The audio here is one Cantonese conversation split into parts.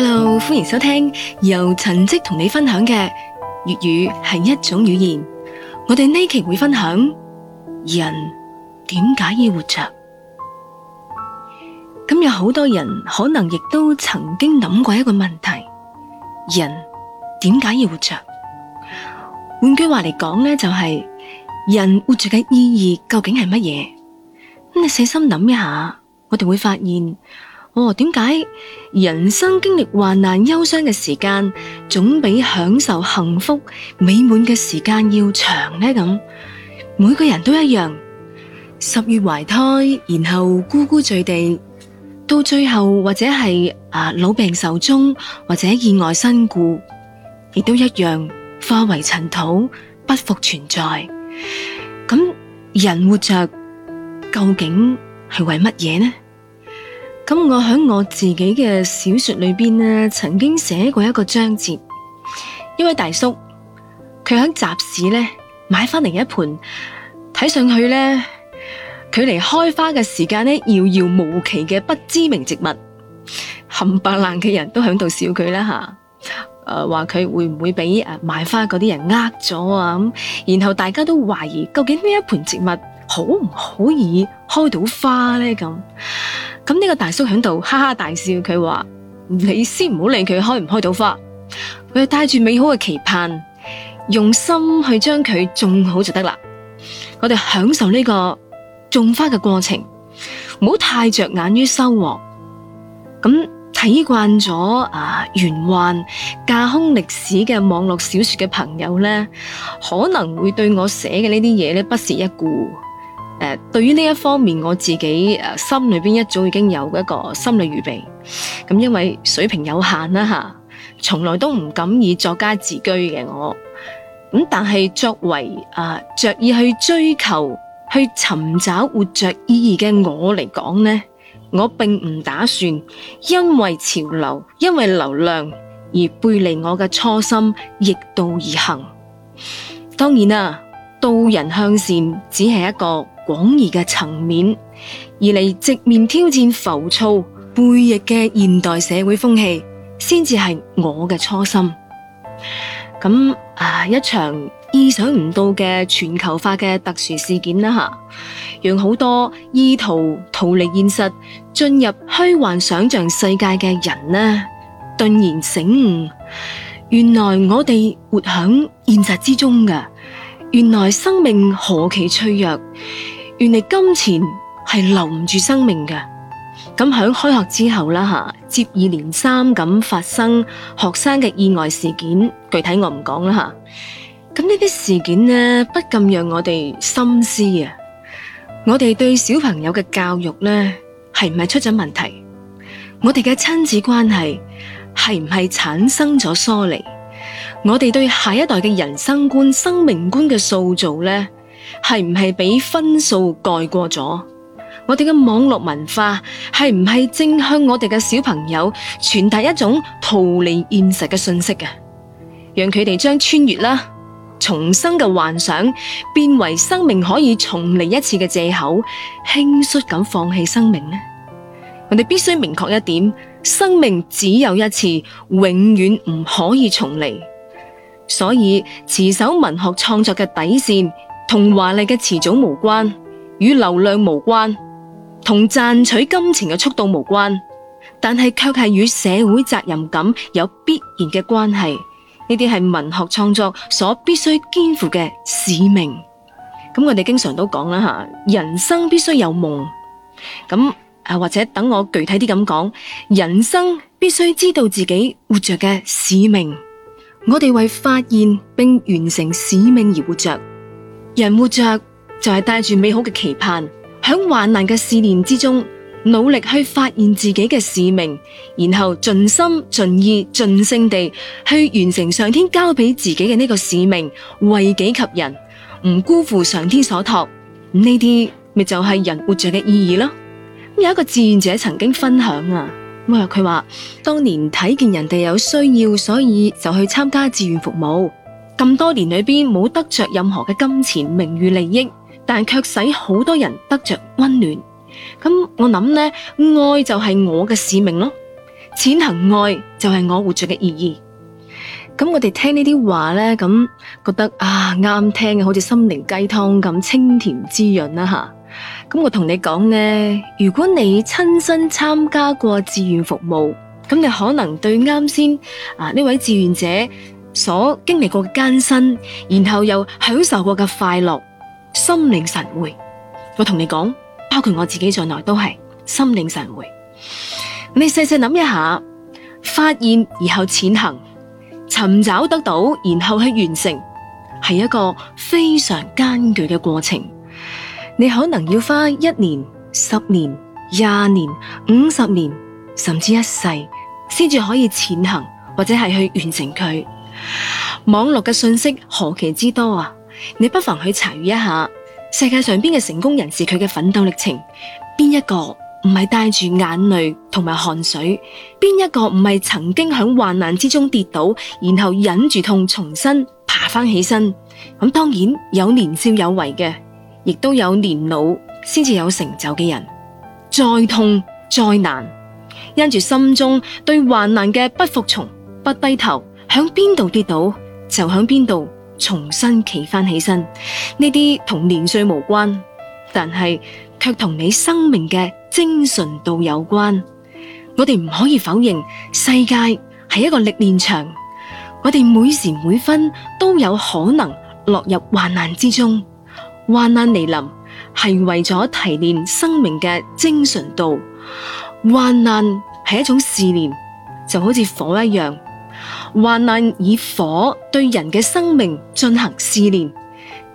hello，歡迎收聽由陳迹同你分享嘅粵語係一種語言。我哋呢期會分享人點解要活着。咁有好多人可能亦都曾經諗過一個問題：人點解要活着？換句話嚟講呢就係、是、人活住嘅意義究竟係乜嘢？咁你細心諗一下，我哋會發現。哦，點解人生經歷患難憂傷嘅時間，總比享受幸福美滿嘅時間要長呢？咁每個人都一樣，十月懷胎，然後呱呱墜地，到最後或者係啊老病壽終，或者意外身故，亦都一樣化為塵土，不復存在。咁人活着究竟係為乜嘢呢？咁我喺我自己嘅小說裏邊呢，曾經寫過一個章節，一位大叔，佢喺集市呢買翻嚟一盆，睇上去呢，距離開花嘅時間呢，遙遙無期嘅不知名植物，冚唪唥嘅人都喺度笑佢啦吓，誒話佢會唔會俾誒買花嗰啲人呃咗啊，咁，然後大家都懷疑究竟呢一盆植物可唔可以開到花呢？咁？咁呢個大叔喺度哈哈大笑，佢話你先唔好理佢開唔開到花，佢帶住美好嘅期盼，用心去將佢種好就得啦。我哋享受呢個種花嘅過程，唔好太着眼於收穫。咁睇慣咗啊玄幻架空歷史嘅網絡小說嘅朋友呢，可能會對我寫嘅呢啲嘢呢不屑一顧。誒、呃，對於呢一方面，我自己、呃、心裏邊一早已經有一個心理預備，咁、嗯、因為水平有限啦，從來都唔敢以作家自居嘅我，咁、嗯、但係作為誒、呃、着意去追求、去尋找活着意義嘅我嚟講呢，我並唔打算因為潮流、因為流量而背離我嘅初心，逆道而行。當然啦、啊，道人向善，只係一個。廣義嘅層面，而嚟直面挑戰浮躁背逆嘅現代社會風氣，先至係我嘅初心。咁啊，一場意想唔到嘅全球化嘅特殊事件啦，吓，讓好多意圖逃離現實、進入虛幻想象世界嘅人呢，頓然醒悟，原來我哋活響現實之中㗎，原來生命何其脆弱。原來金錢係留唔住生命嘅，咁響開學之後啦，接二連三咁發生學生嘅意外事件，具體我唔講啦吓。咁呢啲事件呢，不禁讓我哋深思啊！我哋對小朋友嘅教育呢，係唔係出咗問題？我哋嘅親子關係係唔係產生咗疏離？我哋對下一代嘅人生觀、生命觀嘅塑造呢，是唔是被分數蓋過咗？我哋嘅網絡文化是唔是正向我哋嘅小朋友傳達一種逃離現實嘅信息讓佢哋將穿越啦、重生嘅幻想變為生命可以重嚟一次嘅借口，輕率地放棄生命呢？我哋必須明確一點：生命只有一次，永遠唔可以重嚟。所以持守文學創作嘅底線。同華麗嘅辭藻無關，與流量無關，同賺取金錢嘅速度無關，但係卻係與社會責任感有必然嘅關係。呢啲係文學創作所必須肩負嘅使命。咁我哋經常都講啦，人生必須有夢。咁或者等我具體啲咁講，人生必須知道自己活着嘅使命。我哋為發現並完成使命而活着。人活着就係帶住美好嘅期盼，響患難嘅試煉之中，努力去發現自己嘅使命，然後盡心盡意盡性地去完成上天交俾自己嘅呢個使命，為己及人，唔辜負上天所託。咁呢啲咪就係人活着嘅意義咯。有一個志願者曾經分享啊，佢話當年睇見人哋有需要，所以就去參加志願服務。咁多年裏邊冇得着任何嘅金錢、名譽、利益，但係卻使好多人得着溫暖。咁我諗呢愛就係我嘅使命囉，踐行愛就係我活着嘅意義。咁我哋聽呢啲話呢，咁覺得啊啱聽嘅，好似心靈雞湯咁清甜滋潤啦吓。咁我同你講呢，如果你親身參加過志願服務，咁你可能對啱先啊呢位志願者所經歷過嘅艱辛，然後又享受過嘅快樂，心領神會。我同你講，包括我自己在內都係心領神會。你細細諗一下，發現然後潛行，尋找得到然後去完成，係一個非常艱巨嘅過程。你可能要花一年、十年、廿年、五十年，甚至一世先至可以潛行或者係去完成佢。網絡嘅信息何其之多啊！你不妨去查閱一下世界上邊嘅成功人士佢嘅奮鬥歷程，邊一個唔係帶住眼淚同埋汗水，邊一個唔係曾經喺患難之中跌倒，然後忍住痛重新爬返起身。咁當然有年少有為嘅，亦都有年老先至有成就嘅人。再痛再難，因住心中對患難嘅不服從，不低頭。響邊度跌倒就響邊度重新企返起身，呢啲同年歲無關，但係卻同你生命嘅精純度有關。我哋唔可以否認，世界係一個歷練場，我哋每時每分都有可能落入患難之中。患難嚟臨係為咗提煉生命嘅精純度，患難係一種試煉，就好似火一樣。患難以火對人嘅生命進行試煉，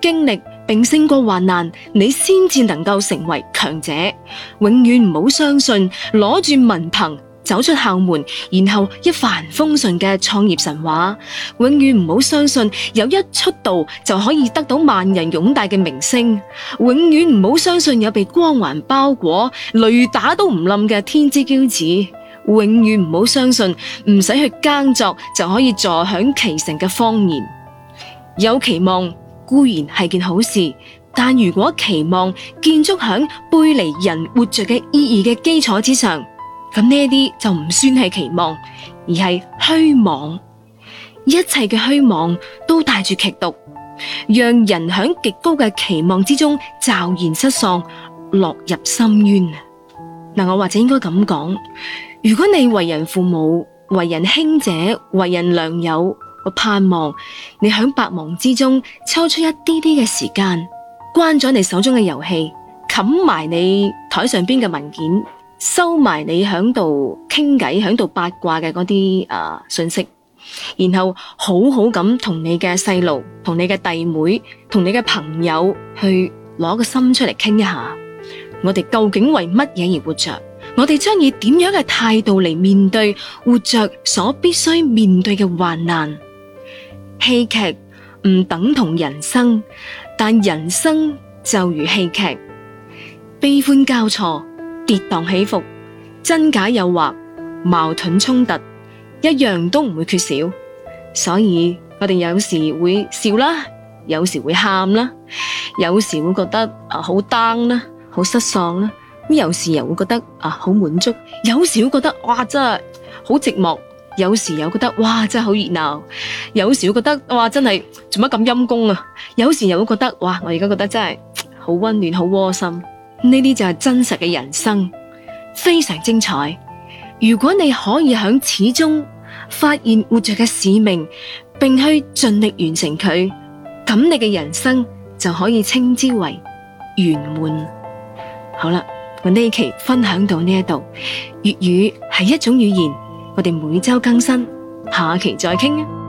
經歷並勝過患難，你先至能夠成為強者。永遠唔好相信攞住文憑走出校門，然後一帆風順嘅創業神話。永遠唔好相信有一出道就可以得到萬人擁戴嘅明星。永遠唔好相信有被光環包裹、雷打都唔冧嘅天之驕子。永遠唔好相信唔使去耕作就可以坐享其成嘅謊言。有期望固然係件好事，但如果期望建築響背離人活着嘅意義嘅基礎之上，咁呢一啲就唔算係期望，而係虛妄。一切嘅虛妄都帶住劇毒，讓人喺極高嘅期望之中驟然失喪，落入深淵。嗱，那我或者應該咁講。如果你為人父母、為人兄姐、為人良友，我盼望你喺百忙之中抽出一啲啲嘅時間，關咗你手中嘅遊戲，冚埋你台上邊嘅文件，收埋你喺度傾偈、喺度八卦嘅嗰啲誒信息，然後好好咁同你嘅細路、同你嘅弟妹、同你嘅朋友去攞個心出嚟傾一下，我哋究竟為乜嘢而活着？我哋將以點樣嘅態度嚟面對活着所必須面對嘅患難？戲劇唔等同人生，但人生就如戲劇，悲歡交錯，跌宕起伏，真假誘惑，矛盾衝突，一樣都唔會缺少。所以我哋有時會笑啦，有時會喊啦，有時會覺得好 down 啦，好失喪啦。有時又會覺得啊好滿足，有時會覺得哇真係好寂寞，有時又覺得哇真係好熱鬧，有時會覺得哇真係做乜咁陰功啊，有時又會覺得哇我而家覺得真係好溫暖好窩心，呢啲就係真實嘅人生，非常精彩。如果你可以喺始終發現活着嘅使命，並去盡力完成佢，咁你嘅人生就可以稱之為圓滿。好啦。我呢期分享到呢度，粵語係一種語言，我哋每周更新，下期再傾。